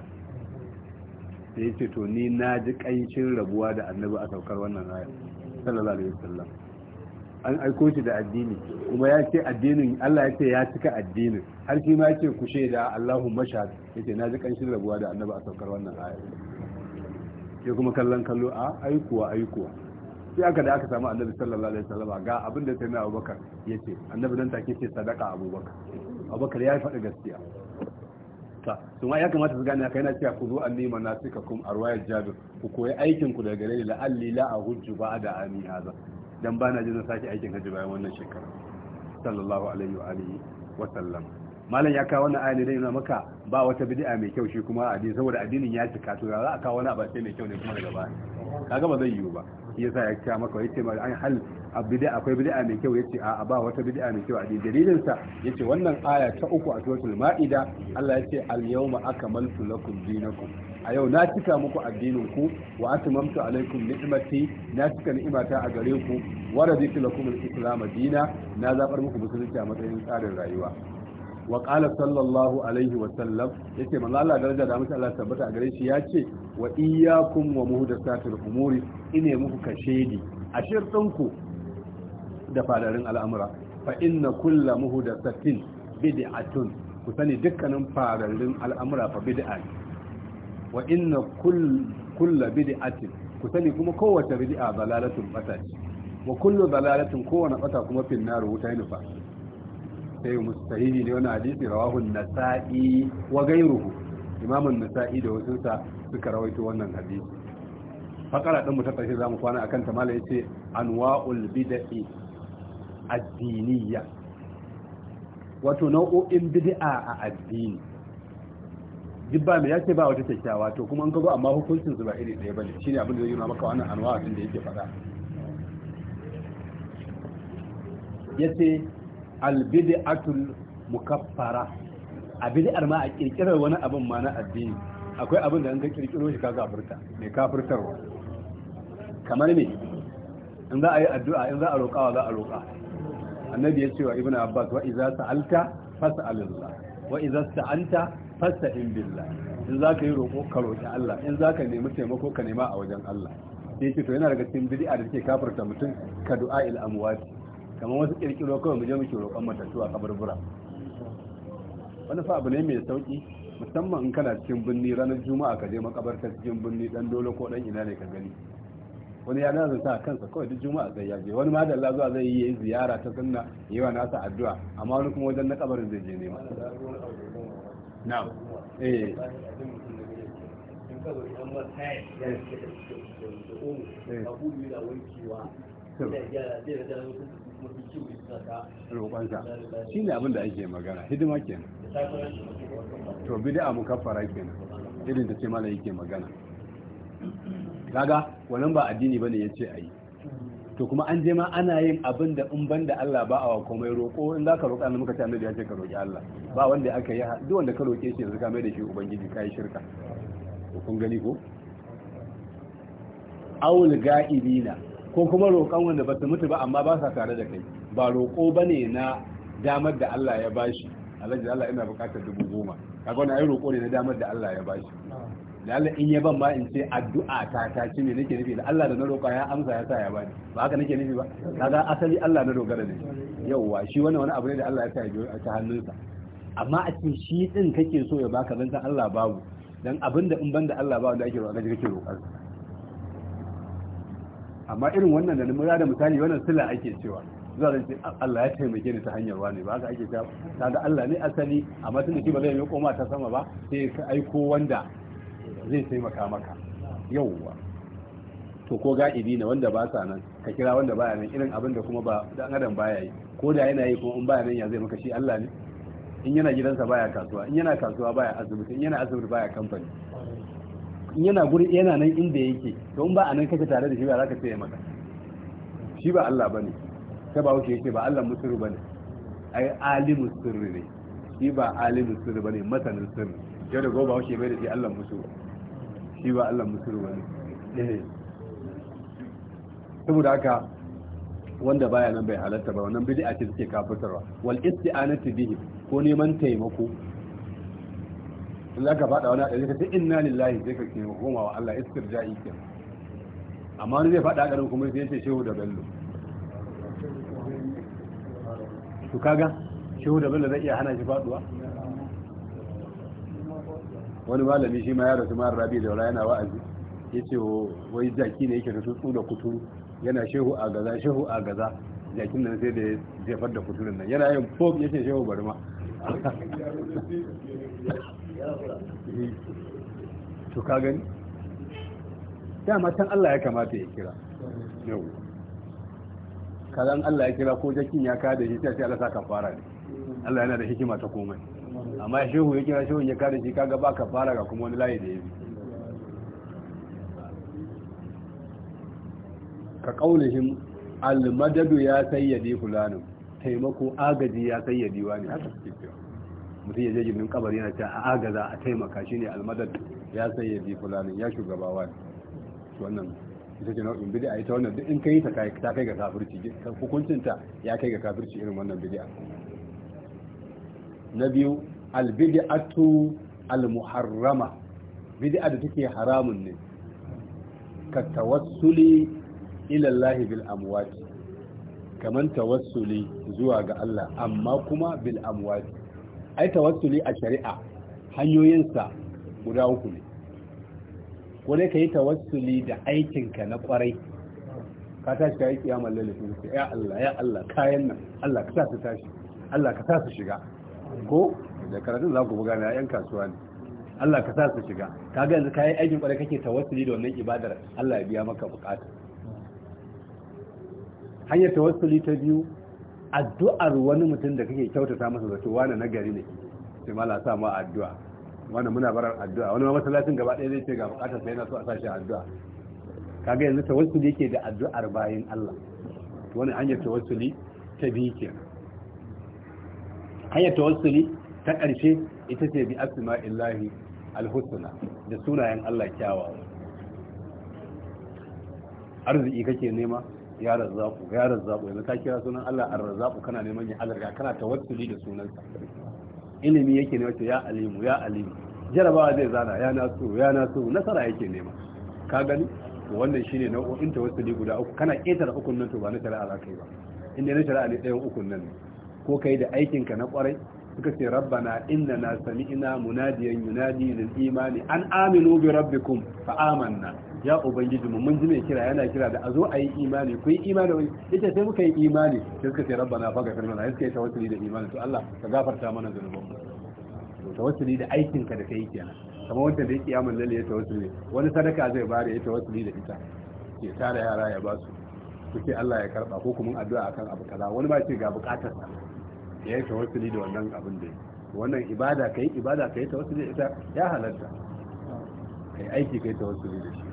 sai ce to ni na ji kancin rabuwa da annabi a saukar wannan ayat sallallahu alaihi wasallam an aiko shi da addini kuma ya ce addinin Allah ya ce ya cika addinin har shi ma ce ku shaida Allahumma shahad yace na ji kancin rabuwa da annabi a saukar wannan ayat ya kuma kallon kallo a aikuwa aikuwa sai aka da aka samu annabi sallallahu alaihi wasallam ga abin da sai na abubakar ya ce annabi nan take ce sadaka abubakar abubakar ya yi faɗi gaskiya ta su ma ya kamata su gane aka yana cewa ku zo kum a arwayat jabir ku koyi aikin ku daga gare ni alli la ahujju ba'da ami haza dan bana jin na sake aikin haji bayan wannan shekara sallallahu alaihi wa alihi wa sallam malam ya kawo wannan ayani dai na maka ba wata bid'a mai kyau shi kuma addini saboda addinin ya cika to za a kawo wani abu mai kyau ne kuma daga baya kaga ba zai yiwu ba yasa ya kya maka yace ma an hal abida akwai bid'a mai kyau yace a ba wata bid'a mai kyau a din dalilin sa yace wannan aya ta uku a suratul maida Allah yace al yawma akmaltu lakum dinakum a yau na cika muku addinin ku wa atmamtu alaikum ni'mati na cika ni'imata a gare ku wa raditu lakum al-islam dina na zabar muku musulunci a matsayin tsarin rayuwa wa qala sallallahu alaihi wa sallam yace manzo Allah daraja da mutane Allah tabbata a gare shi yace wa iyyakum wa muhdathatil umuri ine muku kashedi a ku da fadarin al'amura fa inna kulla muhdathatin bid'atun ku sani dukkanin fadarin al'amura fa bid'a wa inna kulla bid'atin ku sani kuma kowace bid'a dalalatun bata ce wa kullu dalalatin kowane bata kuma finnar wuta ne fa sai mustahili ne wani hadisi rawahu nasai wa gairuhu imam an-nasa'i da wasu sa suka rawaito wannan hadisi fakara din mu ta zamu kwana akan ta malai yace anwa'ul bid'i ad-diniyya wato nau'o'in bid'a a addini dibba mai yace ba wata kyakkyawa to kuma an kago amma hukuncin su ba iri ɗaya bane shine abin da zai nuna maka wannan din da yake faɗa yace albid'atul mukaffara a bid'ar ma a kirkirar wani abin ma na addini akwai abin da an ga kirkiro shi kaga kafirta mai kafirtarwa kamar ne in za a yi addu'a in za a roƙa wa za a roƙa annabi ya cewa ibnu abbas wa idza sa'alta fas'alillah wa idza sta'anta fasta'in billah in za ka yi roƙo ka roƙi Allah in za ka nemi taimako ka nema a wajen Allah sai ce to yana daga cikin bid'a da take kafirta mutum ka du'a il amwat kamar wasu kirkiro kawai mu je muke roƙon matattu a kaburbura wani fa ne mai sauki musamman in kana cikin birni ranar juma'a ka je makabarta cikin birni dan dole ko dan ina ne ka gani wani ya nazar sa kansa kawai duk juma'a sai ya wani ma da zuwa zai yi ziyara ta sunna yi wa nasa addu'a amma wani kuma wajen na kabarin zai je ma na'am eh, eh. roƙonsa shi ne abin da ake magana hidima kenan to bid'a mukaffara kenan irin ta ce mana yake magana kaga wannan ba addini bane yace ayi to kuma an je ma ana yin abin da in banda Allah ba a wa komai roƙo in za ka roƙa annabi muka ce annabi ya ce ka roƙi Allah ba wanda aka yi duk wanda ka roƙe shi yanzu ka mai da shi ubangiji kai shirka to kun gani ko aul ga'ibina ko kuma roƙon wanda ba su mutu ba amma ba sa tare da kai ba roƙo ba ne na damar da Allah ya bashi alhaji Allah ina buƙatar dubu goma kaga wani ayi roƙo ne na damar da Allah ya bashi da Allah in ya ban ma in ce addu'a ta ta ci ne nake nufi da Allah da na roƙa ya amsa ya sa ya bani ba haka nake nufi ba kaga asali Allah na dogara ne yauwa shi wannan wani abu ne da Allah ya sa a ta hannunsa amma a ce shi din kake so ya baka dan Allah babu dan abinda in banda Allah babu da ake roƙa kake roƙar amma irin wannan da namura da misali wannan sila ake cewa zuwa zan ce Allah ya taimake ni ta hanyar wani ba haka ake cewa da Allah ne asali amma da shi ba zai yi koma ta sama ba sai ka aiko wanda zai taimaka maka yauwa to ko ga'ibi na wanda ba sa nan ka kira wanda baya nan irin abin da kuma ba dan adam baya yi ko da yana yi ko in baya nan ya zai maka shi Allah ne in yana gidansa baya kasuwa in yana kasuwa baya asibiti in yana asibiti baya kamfani yana guri yana nan inda yake in ba a nan kake tare da shi ba za ka tsaye maka shi ba Allah bane ta ba wuce yake ba Allah musirru bane ai alimu sirri ne shi ba alimu sirri bane masanin sirri ya da gobe ba wuce bai da shi Allah musirru shi ba Allah musirru bane eh. saboda haka wanda baya nan bai halatta ba wannan bid'a ce take kafirtarwa wal isti'anatu bihi ko neman taimako in za ka faɗa wani haɗari ka ce inna lillahi sai ka ke koma wa Allah istirja'i kenan. amma wani zai faɗa haɗarin kuma sai ce shehu da bello to kaga shehu da bello zai iya hana shi faɗuwa wani malami shi ma ya rasu mara rabi da wala yana wa'azi ya ce wai jaki ne yake da tutsu da kuturu yana shehu a gaza shehu a gaza jakin nan sai da jefar da kuturin nan yana yin fom ya ce shehu bari ma to ka gani dama can Allah ya kamata ya kira yau kazan Allah ya kira ko jakin ya kada shi sai Allah sa kafara ne Allah yana da hikima ta komai amma shehu ya kira shehu ya kada shi kaga ba fara ga kuma wani layi da yabi ka kaulihim almadadu ya sayyade fulanin taimako agaji ya sayyadi wani haka suke cewa mutum ya je jirgin kabari yana ta a agaza a taimaka shi ne almadad ya sai ya bi fulani ya shugaba wani wannan ita ce nau'in bid'a ita wannan duk in kai ta ta kai ga kafirci hukuncin ta ya kai ga kafirci irin wannan bid'a na biyu al bid'atu al muharrama da take haramun ne ka tawassuli ila Allah bil amwat kaman tawassuli zuwa ga Allah amma kuma bil amwat ai tawassuli a shari'a hanyoyinsa guda uku ne ko dai ka yi tawassuli da aikinka na kwarai ka tashi ka yi kiyamar lalafin ka ya Allah ya Allah kayan nan Allah ka sa su tashi Allah ka sa su shiga ko da karatun za ku buga na yan kasuwa ne Allah ka sa su shiga ka ga yanzu kayan aikin kwarai kake tawassuli da wannan ibadar Allah ya biya maka bukata hanyar tawassuli ta biyu addu'ar wani mutum da kake kyautata masa zato wani nagari ne sai mala sa ma addu'a wani muna barar addu'a wani masallacin gaba ɗaya zai ce ga bukatar sai yana so a sashi addu'a kaga yanzu tawassuli ke da addu'ar bayan Allah wani hanyar tawassuli ta biyu kenan hanyar tawassuli ta ƙarshe ita ce bi asima illahi alhussuna da sunayen Allah kyawawa arziki kake nema ya razzaku ya razzaku yanzu ka kira sunan Allah ar-razzaku kana neman ya alarga kana tawassuli da sunansa ilimi yake ne wace ya alimu ya alimu jarabawa zai zana ya nasu ya nasu nasara yake nema ka gani to wannan shine nau'o'in tawassuli guda uku kana ƙetare ukun nan to ba na shari'a za ka yi ba inda na shari'a ne ɗayan ukun nan ko kai da aikinka na kwarai suka ce rabbana inna na sami'ina munadiyan yunadi lil imani an aminu bi rabbikum fa amanna ya ubangiji mu mun ji mai kira yana kira da a zo a yi imani ku yi imani wai ita sai muka yi imani sai suka ce rabbana faga firmana sai suka yi tawassuli da imani to Allah ka gafarta mana zunubanmu to tawassuli da aikin ka da kai kenan kamar wanda da ya mun lalle ya tawassuli wani sadaka zai bare ya tawassuli da ita ke tara yara ya basu ku ce Allah ya karba ko kuma addu'a akan abu kaza wani ba ce ga sa ya yi tawassuli da wannan abin da wannan ibada kai ibada kai tawassuli da ita ya halatta kai aiki kai tawassuli da shi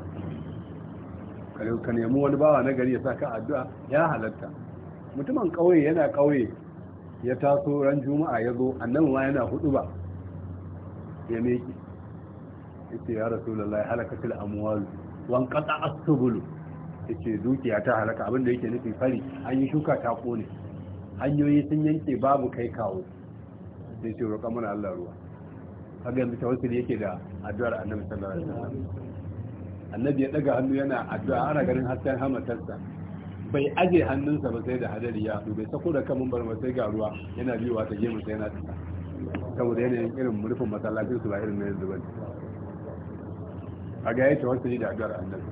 ka nemi wani bawa na gari ya sa ka addu'a ya halatta mutumin ƙauye yana kauye ya taso ran juma'a ya zo annan ma yana hudu ba ya meki yace ya rasulullahi halakatul amwal wan qata as-subul dukiya ta halaka abin da yake nufi fari an yi shuka ta kone hanyoyi sun yanke babu kai kawo sai ce roƙa mana Allah ruwa kaga yanzu tawassuli yake da addu'ar annabi sallallahu alaihi wasallam annabi ya daga hannu yana addu'a ana ganin hasken hamatarsa bai aje hannunsa ba sai da hadari ya haɗu bai sako da kamun ba sai ga ruwa yana biyuwa ta gemu sai yana tuka saboda yanayin irin murfin masallacin su ba irin na yanzu bane a ga yace yi da addu'ar annabi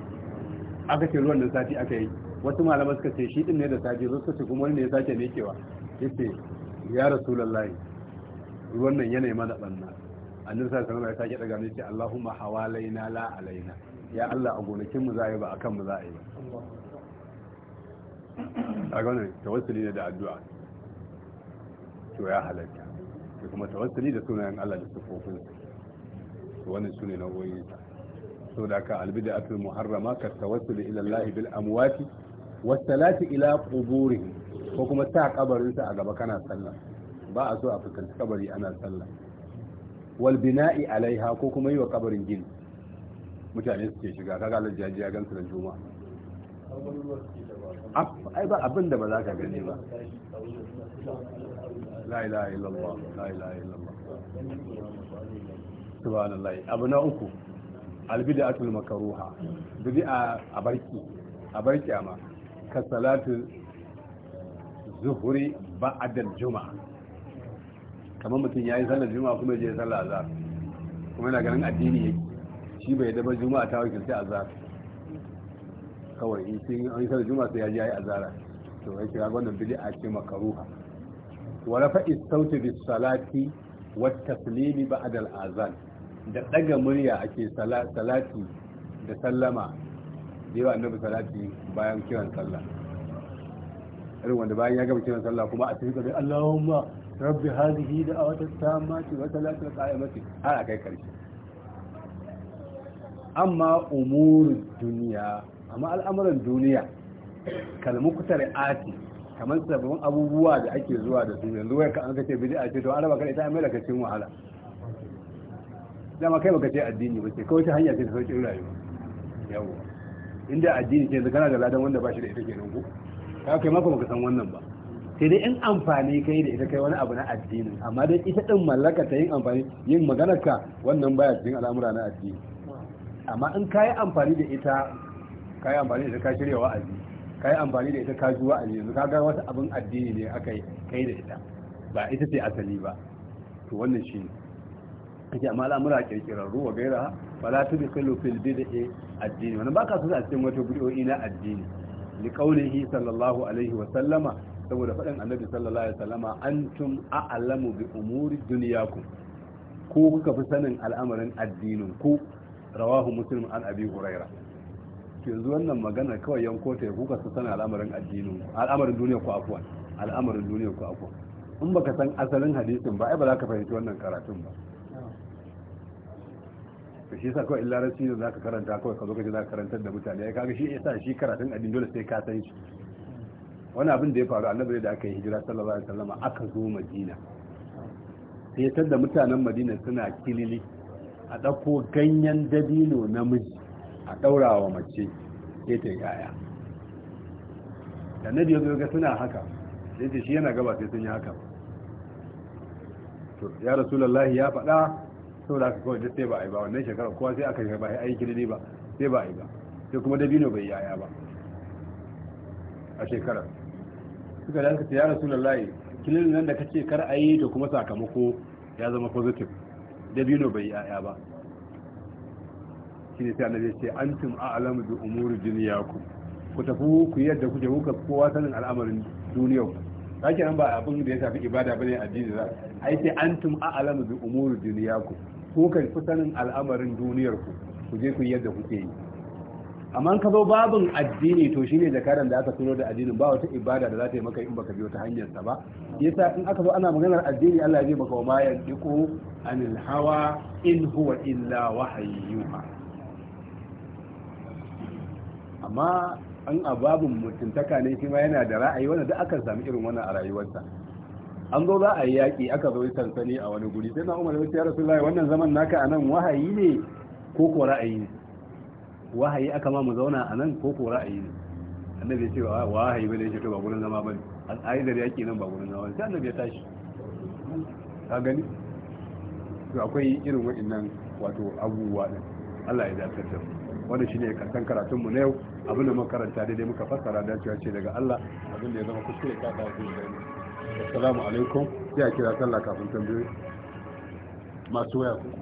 aka ce ruwan nan sati aka yi wasu malamai suka ce shi din ne da sati zo suka ce kuma wani ne ya sake mekewa yace ya rasulullahi ruwan nan yanayi mana banna annabi sallallahu alaihi da ya sake daga ne ce Allahumma hawalaina la alaina ya Allah a gonakin mu za a yi ba a kan mu za a yi ba a ganin tawassuli ne da addu'a to ya halatta da kuma tawassuli da sunayen Allah da sufofin to wannan sune nau'o'in sa so da ka albida atul muharrama ka tawassuli ila Allah bil amwati wasu salati ila kuburi ko kuma ta kabarin sa a gaba kana sallah ba a so a fuskanci kabari ana sallah wal bina'i alaiha ko kuma yi wa kabarin gini mutane suke shiga kaga alhaji ya ya gansu da juma. ai ba abin da ba za ka gani ba la ilaha illallah la ilaha illallah subhanallah abu na uku albid'atul makruha bid'a a barki a barki amma ka salatu zuhuri ba'da juma. kamar mutum yayi sallar juma'a kuma je sallar azhar kuma yana ganin addini yake shi bai da juma'a ta wakilta azhar kawai in sun an sa juma'a sai ya ji yayi azhara to yake ga wannan bid'a ce makruha wa rafa'i sauti bis salati wat taslimi ba'da al azan da daga murya ake salati da sallama da yawa annabi salati bayan kiran sallah irin wanda bayan ya gama kiran sallah kuma a cikin da Allahumma rabbi hadhihi da'awatu tammati wa salatu qa'imati har akai karshe amma umurin duniya amma al'amuran duniya kalmukutar ati kamar sabbin abubuwa da ake zuwa da su yanzu wai ka an kace bid'a ce to araba kada ita mai daga cikin wahala dama kai baka ce addini ba ce kawai ta hanya ce ta sauƙin rayuwa yawo inda addini ce yanzu kana da ladan wanda ba shi da ita ke ko ka kai maka baka san wannan ba sai dai in amfani kai da ita kai wani abu na addini, amma dai ita din mallaka ta yin amfani yin maganarka wannan baya cikin al'amura na addini amma in ka yi amfani da ita ka yi amfani da ita ka shirya wa'azi ka yi amfani da ita ka ji wa'azi yanzu ka ga wata abin addini ne aka yi kai da ita ba ita ce asali ba to wannan shi ne ake amma al'amura kirkirarru wa gaira ba za la tubi kallo da bid'i addini wannan baka so a cikin wata bid'o'i na addini li qawlihi sallallahu alaihi wa sallama saboda faɗin annabi sallallahu alaihi wa sallama an antum a'lamu bi umuri ku ko kuka fi sanin al'amarin addinin ku rawahu muslim an abi huraira yanzu wannan magana kawai yanko ta kuka su sana al'amarin addinin al'amarin duniya ku afwan al'amarin duniya ku afwan in baka san asalin hadisin ba ai ba za ka fahimci wannan karatun ba to shi yasa kawai illa rasi da zaka karanta kawai ka zo ka ji zaka karantar da mutane ai kaga shi yasa shi karatun addini dole sai ka san shi wani abin da ya faru annabi da aka yi hijira sallallahu alaihi wasallam aka zo madina sai ya da mutanen madina suna kilili a ɗako ganyen dabino namiji a ɗaura wa mace sai ta yaya da na biyu ga suna haka sai ta shi yana gaba sai sun yi haka to ya rasulullahi ya faɗa saboda haka kawai sai ba a yi ba wannan shekarar kowa sai aka yi ba a yi kirni ba sai ba a yi ba sai kuma dabino bai yaya ba a shekarar suka da suka ya rasulullahi kilin nan da kace kar a yi da kuma sakamako ya zama positive dabino bai yi ya'ya ba shi ne sai annabi ce antum a'lamu bi umuri dunyakum ku tafi ku yadda kuke kuka kowa sanin al'amarin duniyar kake nan ba abin da ya tafi ibada bane addini za ai sai antum a'lamu bi umuri dunyakum ku kan fi sanin al'amarin duniyar ku ku je ku yadda kuke yi amma ka zo babin addini to shine zakaran da aka tuno da addinin ba wata ibada da za ta yi maka in baka biyo ta hanyar sa ba yasa in aka zo ana maganar addini Allah zai baka wa ma diku anil hawa in huwa illa wahayyuha amma an ababin mutuntaka ne shi ma yana da ra'ayi wanda duk akan sami irin wannan a rayuwarsa an zo za a yi yaƙi aka zo yi sansani a wani guri sai na umar ya ce ya rasulullahi wannan zaman naka anan wahayi ne ko ko ra'ayi ne wahayi aka ma mu zauna a nan ko ko ra'ayi ne annabi ya ce wahayi bane ya ce to ba gurin zama bane al'aidar yaki nan ba gurin zama sai annabi ya tashi ka gani to akwai irin wa'innan wato abubuwa din Allah ya dace da wannan shine karshen karatun mu na yau abin da muka karanta daidai muka fassara dacewa ce daga Allah abin da ya zama kuskure ka da ku da assalamu alaikum sai a kira sallah kafin tambayoyi masu waya ku